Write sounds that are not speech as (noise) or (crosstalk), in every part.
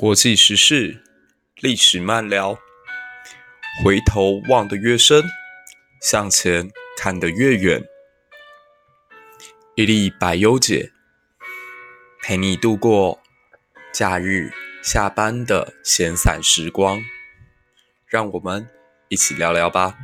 國際時事、歷史慢聊，回頭望得越深，向前看得越遠。一歷百憂解陪你度過假日下班的閒散時光，讓我們一起聊聊吧。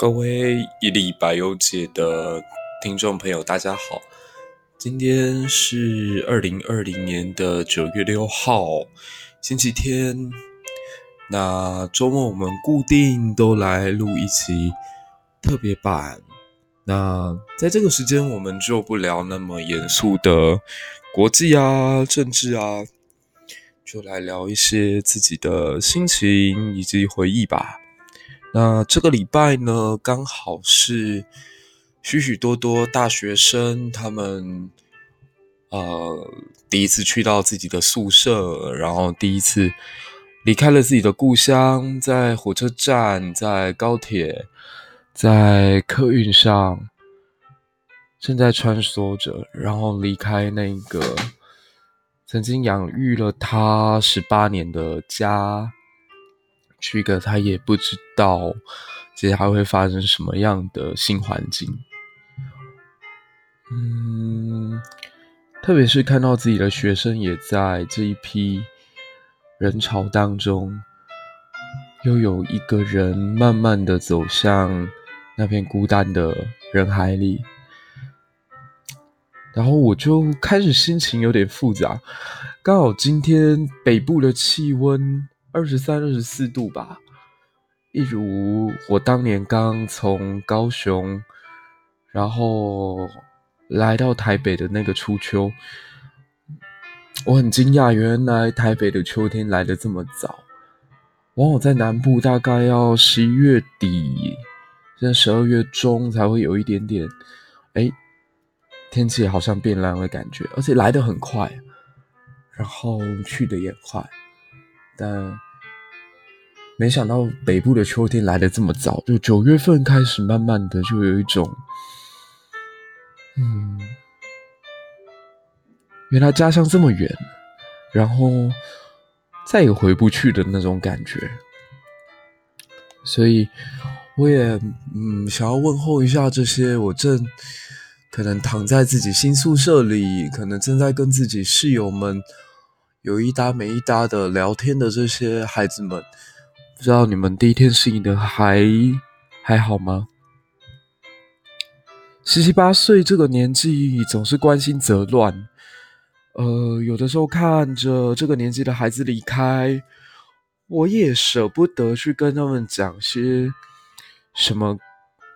各位一歷百憂解的聽眾朋友，大家好！今天是二零二零年的九月六號，星期天。那周末我們固定都來錄一期特別版。那在這個時間，我們就不聊那麼嚴肅的國際啊、政治啊，就來聊一些自己的心情以及回憶吧。那這個禮拜呢，剛好是許許多多大學生他們，呃，第一次去到自己的宿舍，然後第一次離開了自己的故鄉，在火車站，在高鐵，在客運上正在穿梭着，然後離開那個曾經養育了他十八年的家。去一個他也不知道接下來會發生什麼樣的新環境，嗯，特別是看到自己的學生也在這一批人潮當中，又有一個人慢慢的走向那片孤單的人海裡，然後我就開始心情有點複雜。剛好今天北部的氣溫。二十三、二十四度吧。一如我當年剛從高雄，然後來到台北的那個初秋，我很驚訝，原來台北的秋天來的這麼早。往往在南部大概要十一月底，現在十二月中才會有一點點，哎，天氣好像變涼的感覺，而且來的很快，然後去的也快。但沒想到北部的秋天來得這麼早，就九月份開始，慢慢的就有一種，嗯，原來家鄉這麼遠，然後再也回不去的那種感覺。所以，我也嗯想要問候一下這些我正可能躺在自己新宿舍裡，可能正在跟自己室友們。有一搭沒一搭的聊天的這些孩子們，不知道你們第一天適應的還還好嗎？十七八歲這個年紀總是關心則亂，呃，有的時候看着這個年紀的孩子離開，我也捨不得去跟他們講些什麼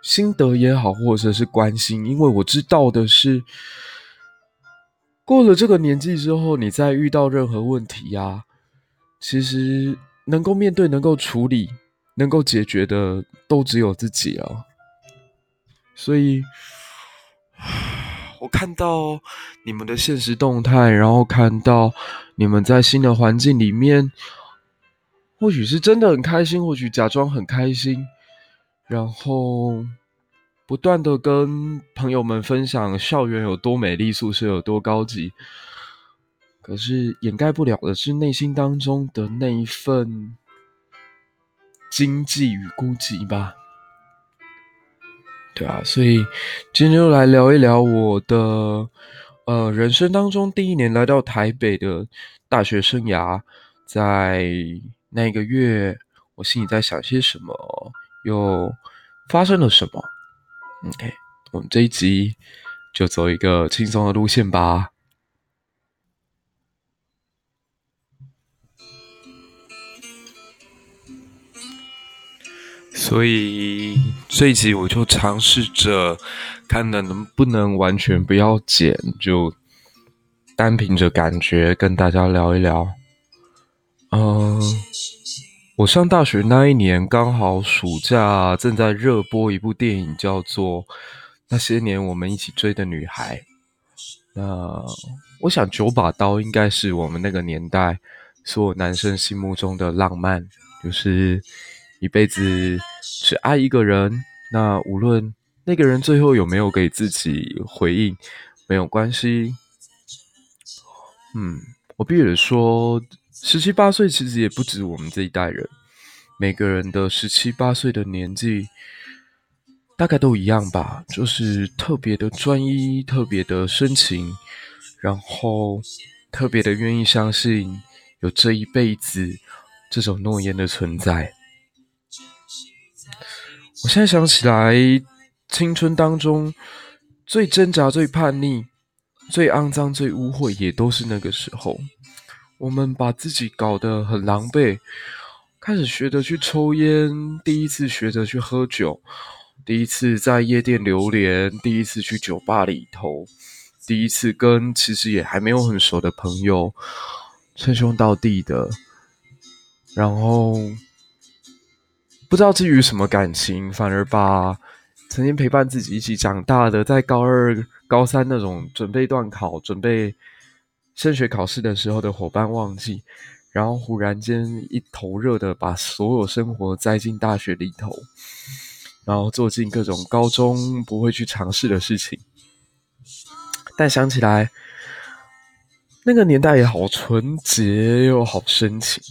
心得也好，或者是關心，因為我知道的是。過了這個年紀之後，你再遇到任何問題呀、啊，其實能夠面對、能夠處理、能夠解決的，都只有自己了、啊。所以，我看到你們的限時動態，然後看到你們在新的環境裡面，或許是真的很開心，或許假裝很開心，然後。不斷的跟朋友們分享校園有多美麗，宿舍有多高級，可是掩蓋不了的是內心當中的那一份經濟與孤寂吧？對啊，所以今天就來聊一聊我的呃人生當中第一年來到台北的大學生涯，在那一個月，我心裡在想些什麼，又發生了什麼？OK，我們這一集就走一個輕鬆的路線吧。所以這一集我就嘗試着，看能能不能完全不要剪，就單憑着感覺跟大家聊一聊，嗯。我上大學那一年，剛好暑假正在熱播一部電影，叫做《那些年我們一起追的女孩》。那我想，九把刀應該是我們那個年代所有男生心目中的浪漫，就是一輩子只愛一個人。那無論那個人最後有沒有給自己回應，沒有關係。嗯，我必須得說。十七八歲，其實也不止我們這一代人，每個人的十七八歲的年紀，大概都一樣吧，就是特別的專一，特別的深情，然後特別的願意相信有這一輩子這種諾言的存在。我現在想起來，青春當中最掙扎、最叛逆、最骯髒、最污穢，也都是那個時候。我們把自己搞得很狼狽，開始學着去抽菸，第一次學着去喝酒，第一次在夜店流連，第一次去酒吧裡頭，第一次跟其實也還沒有很熟的朋友稱兄道弟的，然後不知道基於什麼感情，反而把曾經陪伴自己一起長大的，在高二、高三那種準備段考、準備升學考試的時候的夥伴忘記，然後忽然間一頭熱的把所有生活栽進大學裡頭，然後做盡各種高中不會去嘗試的事情。但想起來，那個年代也好純潔又好深情。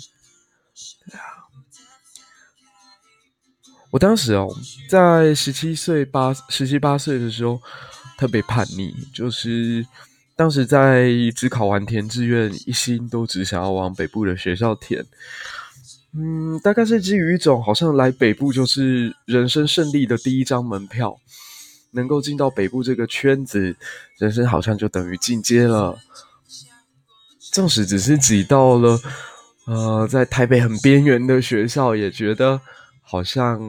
我當時哦，在十七歲八，十十七八歲的時候，特別叛逆，就是。當時在指考完填志願，一心都只想要往北部的學校填。嗯，大概是基於一種好像來北部就是人生勝利的第一張門票，能夠進到北部這個圈子，人生好像就等於進階了。縱使只是擠到了，呃，在台北很邊緣的學校，也覺得好像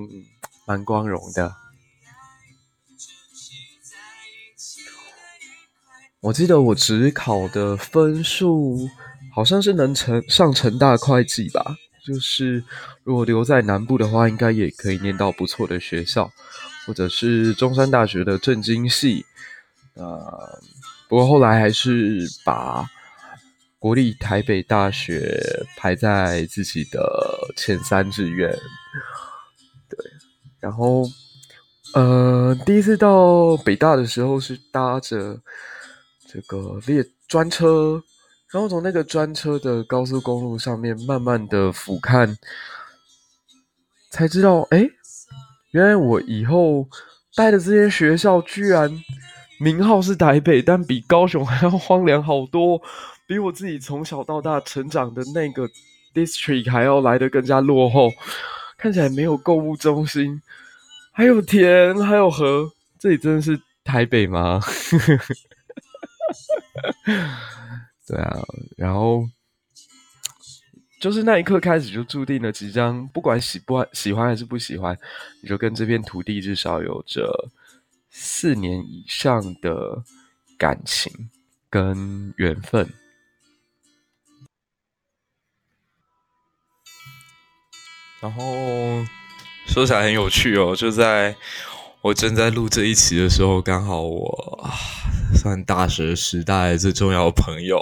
蠻光榮的。我記得我指考的分數好像是能成上成大會計吧，就是如果留在南部的話，應該也可以念到不錯的學校，或者是中山大學的政經系。啊，不過後來還是把國立台北大學排在自己的前三志願。對，然後呃，第一次到北大的時候是搭着。這個列專車，然後從那個專車的高速公路上面慢慢的俯瞰，才知道，哎，原來我以後待的這些學校居然名號是台北，但比高雄還要荒涼好多，比我自己從小到大成長的那個 district 還要來得更加落後，看起來沒有購物中心，還有田，還有河，這裡真的是台北嗎？ (laughs) (laughs) 對啊，然後就是那一刻開始就注定了，即將不管喜不喜歡還是不喜歡，你就跟這片土地至少有着四年以上的感情跟緣分。然後說起來很有趣哦，就在我正在錄這一期的時候，剛好我。算大學時代的最重要的朋友，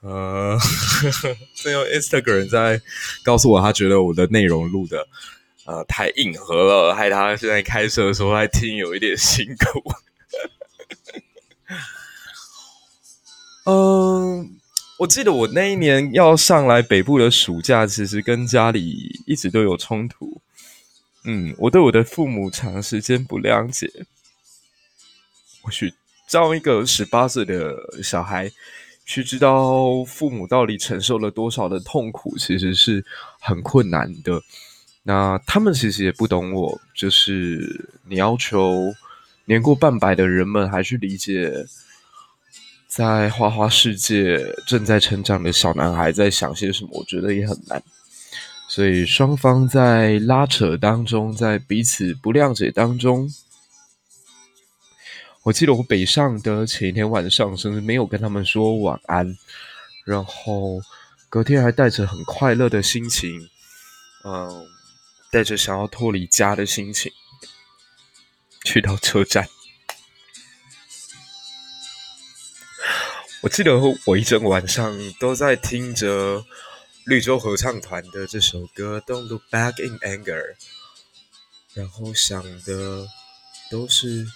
呃，呵呵正有 Instagram 在告訴我，他覺得我的內容錄得呃太硬核了，害他現在開車的時候還聽，有一點辛苦。嗯、 (laughs) 呃，我記得我那一年要上來北部的暑假，其實跟家裡一直都有衝突。嗯，我對我的父母長時間不諒解。我去。教一個十八歲的小孩去知道父母到底承受了多少的痛苦，其實是很困難的。那他們其實也不懂我，就是你要求年過半百的人們，還去理解在花花世界正在成長的小男孩在想些什麼，我覺得也很難。所以雙方在拉扯當中，在彼此不諒解當中。我記得我北上的前一天晚上，甚至沒有跟他們說晚安，然後隔天還帶着很快樂的心情，嗯、呃，帶着想要脫離家的心情，去到車站。我記得我一整晚上都在聽着綠洲合唱團的這首歌《Don't Look Back in Anger》，然後想的都是。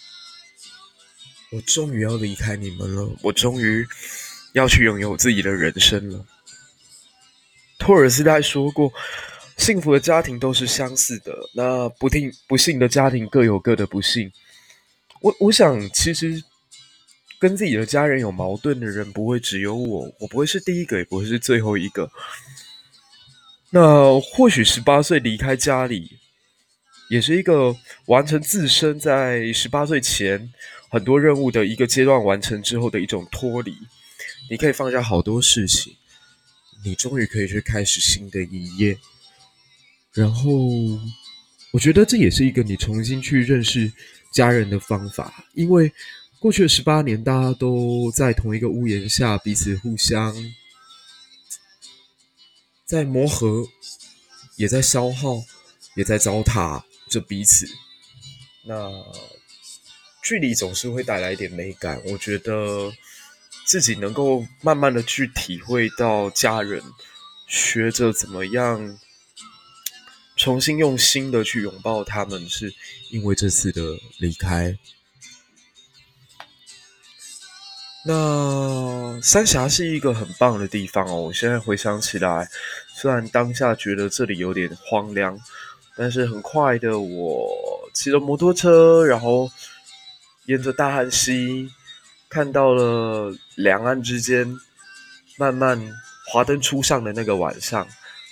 我終於要離開你們了，我終於要去擁有自己的人生了。托爾斯泰說過：“幸福的家庭都是相似的，那不不不幸的家庭各有各的不幸。”我我我想，其實跟自己的家人有矛盾的人不會只有我，我不會是第一個，也不會是最後一個。那或許十八歲離開家裡，也是一個完成自身在十八歲前很多任務的一個階段完成之後的一種脫離，你可以放下好多事情，你終於可以去開始新的一頁。然後，我覺得這也是一個你重新去認識家人的方法，因為過去的十八年，大家都在同一個屋檐下，彼此互相在磨合，也在消耗，也在糟蹋着彼此。那。距離總是會帶來一點美感。我覺得自己能夠慢慢的去體會到家人，學着怎麼樣重新用心的去擁抱他們，是因為這次的離開。那三峽是一個很棒的地方哦。我現在回想起來，雖然當下覺得這裡有點荒涼，但是很快的，我騎着摩托車，然後。沿着大漢溪，看到了兩岸之間慢慢華燈初上的那個晚上，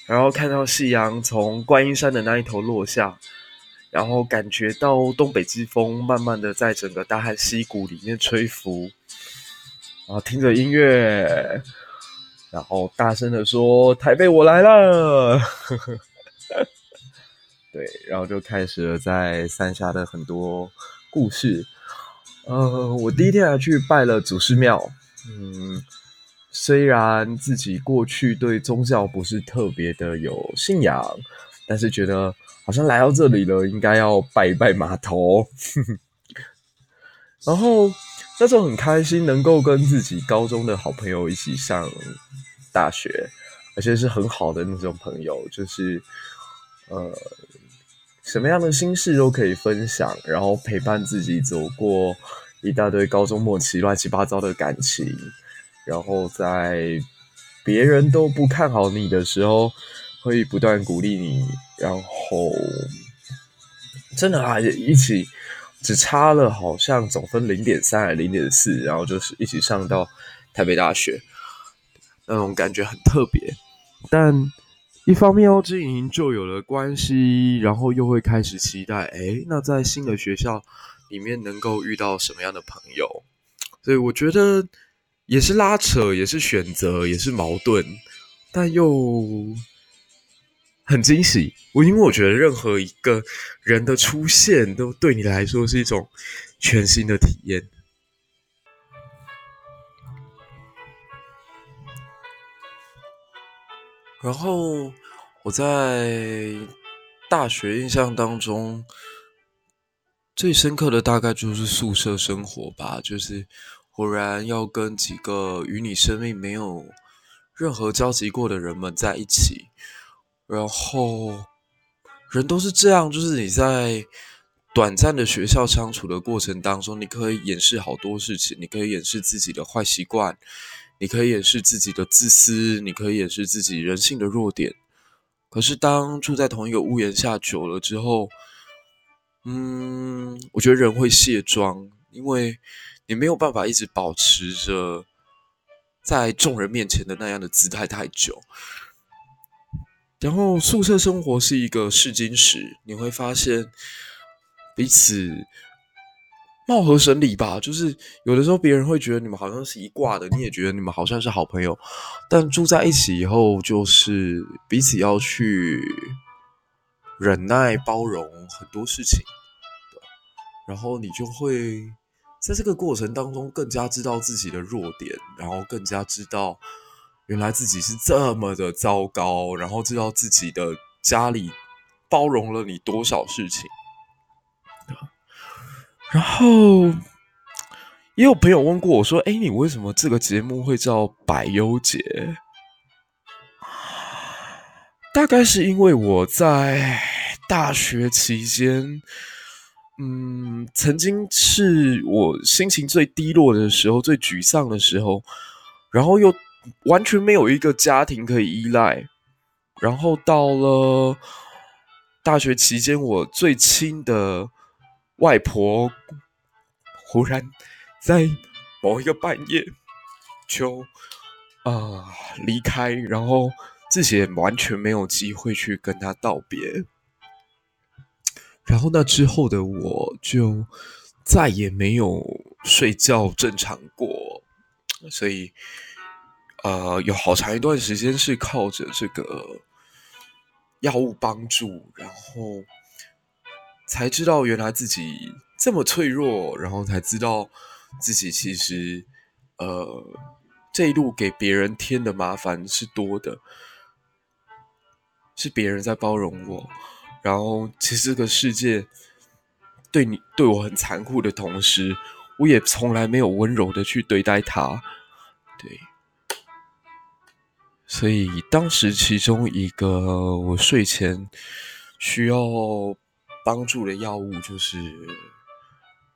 然後看到夕陽從觀音山的那一頭落下，然後感覺到東北季風慢慢的在整個大漢溪谷裡面吹拂，然後聽着音樂，然後大聲的說：“台北我來了。 (laughs) ”對，然後就開始了在三峽的很多故事。呃，我第一天來去拜了祖師廟。嗯，雖然自己過去對宗教不是特別的有信仰，但是覺得好像來到這裡了，應該要拜一拜碼頭。 (laughs) 然後那種很開心，能夠跟自己高中的好朋友一起上大學，而且是很好的那種朋友，就是呃。什麼樣的心事都可以分享，然後陪伴自己走過一大堆高中末期亂七八糟的感情，然後在別人都不看好你的時候，會不斷鼓勵你，然後真的啊，一起只差了好像總分零點三還是零點四，然後就是一起上到台北大學，那種感覺很特別，但。一方面要經營舊有的關係，然後又會開始期待，哎，那在新的學校裡面能夠遇到什麼樣的朋友？所以我覺得也是拉扯，也是選擇，也是矛盾，但又很驚喜。我因為我覺得任何一個人的出現，都對你來說是一種全新的體驗。然後我在大學印象當中最深刻的大概就是宿舍生活吧，就是忽然要跟幾個與你生命沒有任何交集過的人們在一起。然後人都是這樣，就是你在短暫的學校相處的過程當中，你可以掩飾好多事情，你可以掩飾自己的壞習慣。你可以掩飾自己的自私，你可以掩飾自己人性的弱點。可是當住在同一個屋檐下久了之後，嗯，我覺得人會卸妝，因為你沒有辦法一直保持着在眾人面前的那樣的姿態太久。然後宿舍生活是一個試金石，你會發現彼此。貌合神離吧，就是有的時候別人會覺得你們好像是一掛的，你也覺得你們好像是好朋友，但住在一起以後，就是彼此要去忍耐、包容很多事情，對。然後你就會在這個過程當中更加知道自己的弱點，然後更加知道原來自己是這麼的糟糕，然後知道自己的家裡包容了你多少事情。然後也有朋友問過我說：“哎，你為什麼這個節目會叫‘百憂解’？大概是因為我在大學期間，嗯，曾經是我心情最低落的時候、最沮喪的時候，然後又完全沒有一個家庭可以依賴，然後到了大學期間，我最親的。”外婆忽然在某一個半夜就啊、呃、離開，然後自己也完全沒有機會去跟她道別。然後那之後的我就再也沒有睡覺正常過，所以，呃，有好長一段時間是靠着這個藥物幫助，然後。才知道原來自己這麼脆弱，然後才知道自己其實，呃，這一路給別人添的麻煩是多的，是別人在包容我，然後其實這個世界對你對我很殘酷的同時，我也從來沒有溫柔的去對待他。對，所以當時其中一個我睡前需要。幫助的藥物就是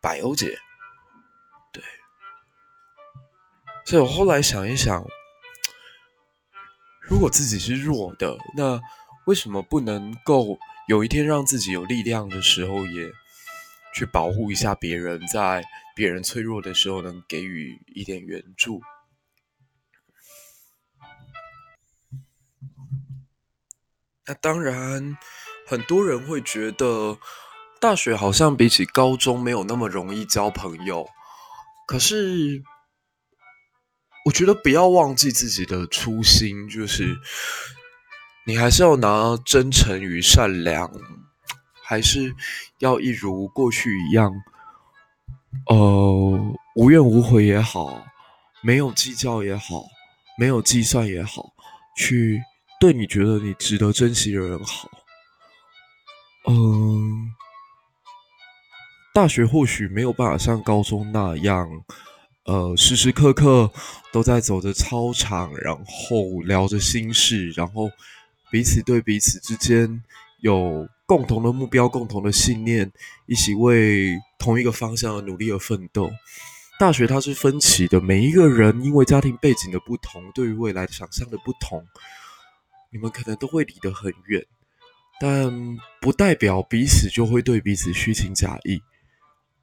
百憂解。對。所以我後來想一想，如果自己是弱的，那為什麼不能夠有一天讓自己有力量的時候，也去保護一下別人，在別人脆弱的時候，能給予一點援助？那當然。很多人會覺得大學好像比起高中沒有那麼容易交朋友，可是我覺得不要忘記自己的初心，就是你還是要拿真誠與善良，還是要一如過去一樣，哦，呃，無怨無悔也好，沒有計較也好，沒有計算也好，去對你覺得你值得珍惜的人好。嗯，大學或許沒有辦法像高中那樣，呃，時時刻刻都在走着操場，然後聊着心事，然後彼此對彼此之間有共同的目標、共同的信念，一起為同一個方向而努力而奮鬥。大學它是分歧的，每一個人因為家庭背景的不同，對於未來想象的不同，你們可能都會離得很遠。但不代表彼此就會對彼此虛情假意，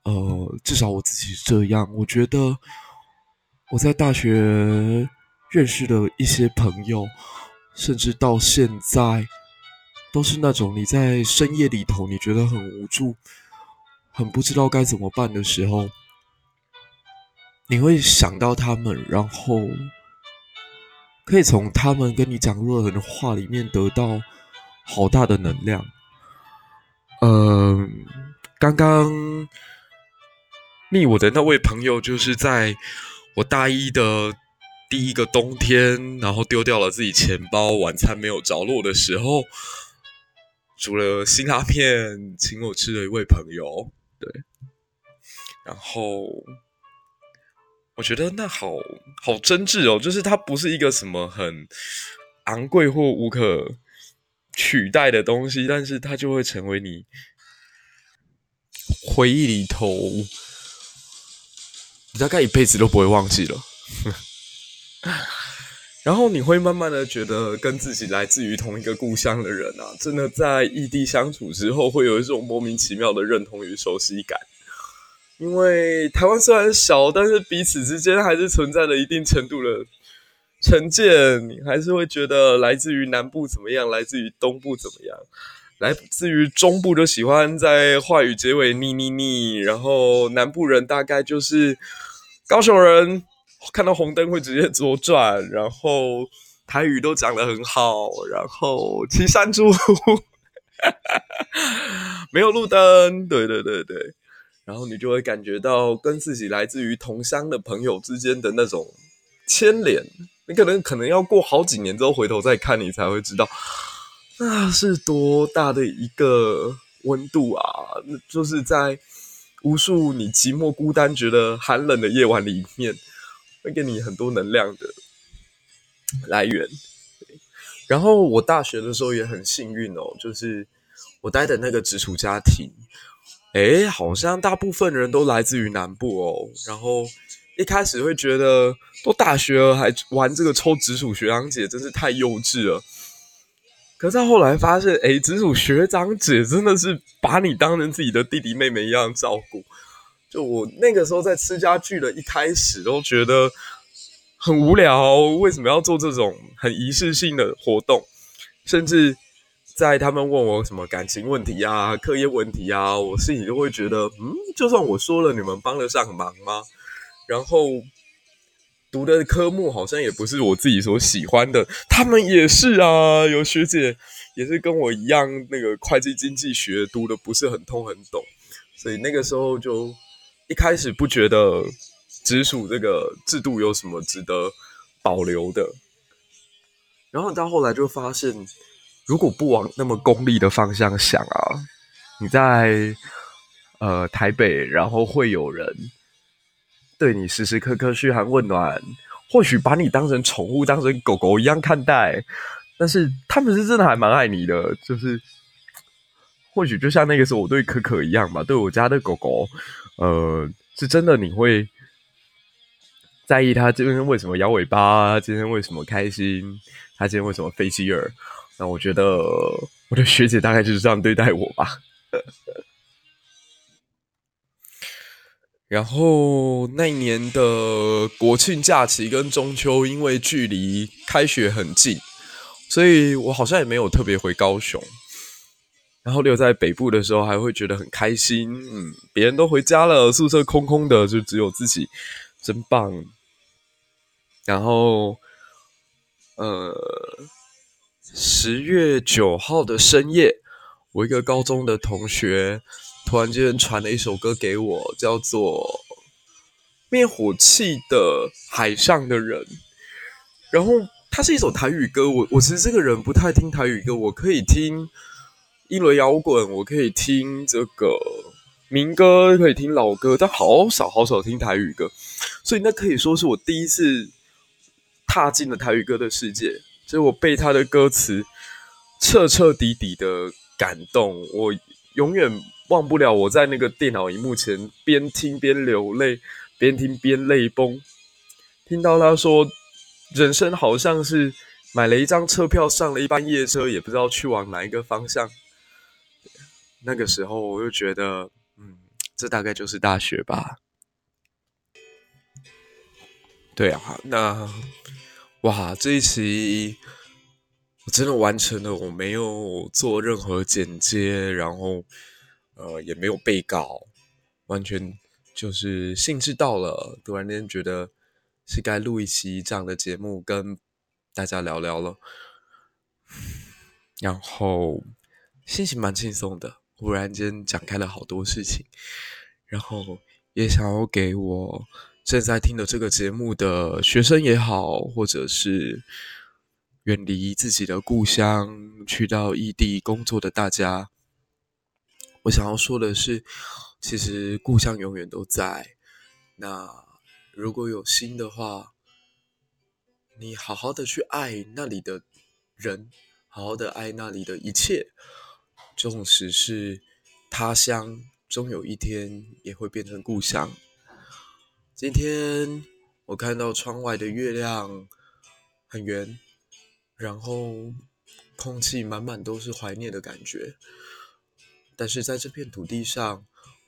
呃，至少我自己是這樣。我覺得我在大學認識的一些朋友，甚至到現在，都是那種你在深夜裡頭你覺得很無助、很不知道該怎麼辦的時候，你會想到他們，然後可以從他們跟你講論文的話裡面得到。好大的能量，嗯、呃，剛剛密我的那位朋友，就是在我大一的第一個冬天，然後丟掉了自己錢包，晚餐沒有着落的時候，煮了辛拉麵請我吃的一位朋友，對，然後我覺得那好好真摯哦，就是他不是一個什麼很昂貴或無可。取代的東西，但是它就會成為你回憶裡頭，你大概一輩子都不會忘記了。然後你會慢慢的覺得，跟自己來自於同一個故鄉的人啊，真的在異地相處之後，會有一種莫名其妙的認同與熟悉感。因為台灣雖然小，但是彼此之間還是存在了一定程度的。成見，你還是會覺得來自於南部怎麼樣？來自於東部怎麼樣？來自於中部就喜歡在話語結尾膩膩膩。然後南部人大概就是高雄人，看到紅燈會直接左轉，然後台語都講得很好，然後騎山豬，哈哈哈，沒有路燈。對對對對，然後你就會感覺到跟自己來自於同鄉的朋友之間的那種牽連。你可能可能要過好幾年之後回頭再看，你才會知道那是多大的一個溫度啊，就是在無數你寂寞孤單、覺得寒冷的夜晚裡面，會給你很多能量的來源。然後我大學的時候也很幸運哦，就是我待的那個直屬家庭，誒、欸，好像大部分人都來自於南部哦，然後。一開始會覺得，都大學了還玩這個抽直屬學長姐，真是太幼稚了。可是到後來發現，哎、欸，直屬學長姐真的是把你當成自己的弟弟妹妹一樣照顧。就我那個時候在吃家聚的一開始，都覺得很無聊，為什麼要做這種很儀式性的活動？甚至在他們問我什麼感情問題呀、啊、課業問題呀、啊，我心裡就會覺得，嗯，就算我說了，你們幫得上忙嗎？然後讀的科目好像也不是我自己所喜歡的，他們也是啊，有學姐也是跟我一樣，那個會計經濟學讀的不是很通很懂，所以那個時候就一開始不覺得直屬這個制度有什麼值得保留的，然後到後來就發現，如果不往那麼功利的方向想啊，你在呃台北，然後會有人。對你時時刻刻噓寒問暖，或許把你當成寵物，當成狗狗一樣看待，但是他們是真的還蠻愛你的，就是或許就像那個時候我對可可一樣吧，對我家的狗狗，呃，是真的你會在意它今天為什麼搖尾巴，他今天為什麼開心，它今天為什麼飛機耳？那我覺得我的學姐大概就是這樣對待我吧。 (laughs) 然後那一年的國慶假期跟中秋，因為距離開學很近，所以我好像也沒有特別回高雄。然後留在北部的時候，還會覺得很開心，嗯，別人都回家了，宿舍空空的，就只有自己，真棒。然後，呃，十月九號的深夜，我一個高中的同學。突然間傳了一首歌給我，叫做《滅火器的海上的人》，然後它是一首台語歌。我，我其實這個人不太聽台語歌，我可以聽英倫搖滾，我可以聽這個民歌，可以聽老歌，但好少好少聽台語歌。所以那可以說是我第一次踏進了台語歌的世界。所以我被他的歌詞徹徹底底的感動，我永遠忘不了我在那個電腦屏幕前邊聽邊流淚，邊聽邊淚崩，聽到他說人生好像是買了一張車票，上了一班夜車，也不知道去往哪一個方向。那個時候我就覺得，嗯，這大概就是大學吧。對啊，那哇，這一期我真的完成了，我沒有做任何剪接，然後。呃，也沒有被告，完全就是興致到了，突然間覺得是該錄一期這樣的節目，跟大家聊聊了。然後心情蠻輕鬆的，忽然間講開了好多事情，然後也想要給我正在聽的這個節目的學生也好，或者是遠離自己的故鄉去到異地工作的大家。我想要說的是，其實故鄉永遠都在。那如果有心的話，你好好的去愛那裡的人，好好的愛那裡的一切，縱使是他鄉，終有一天也會變成故鄉。今天我看到窗外的月亮很圓，然後空氣滿滿都是懷念的感覺。但是在這片土地上，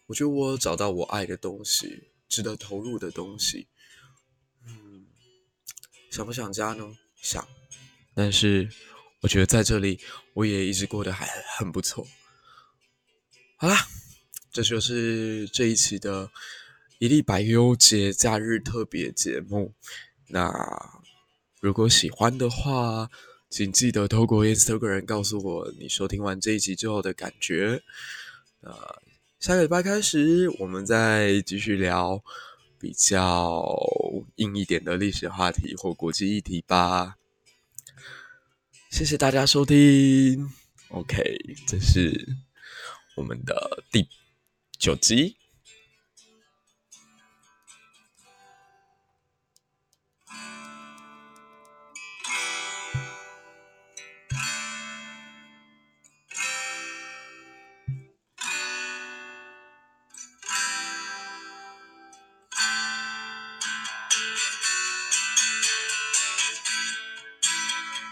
我覺得我找到我愛的東西，值得投入的東西。嗯，想不想家呢？想。但是我覺得在這裡，我也一直過得還很，很不錯。好啦，這就是這一期的一歷百憂解假日特別節目。那如果喜歡的話，請記得透過 Instagram 告訴我你收聽完這一集之後的感覺。呃，下個禮拜開始，我們再繼續聊比較硬一點的歷史話題或國際議題吧。謝謝大家收聽。OK，這是我們的第九集。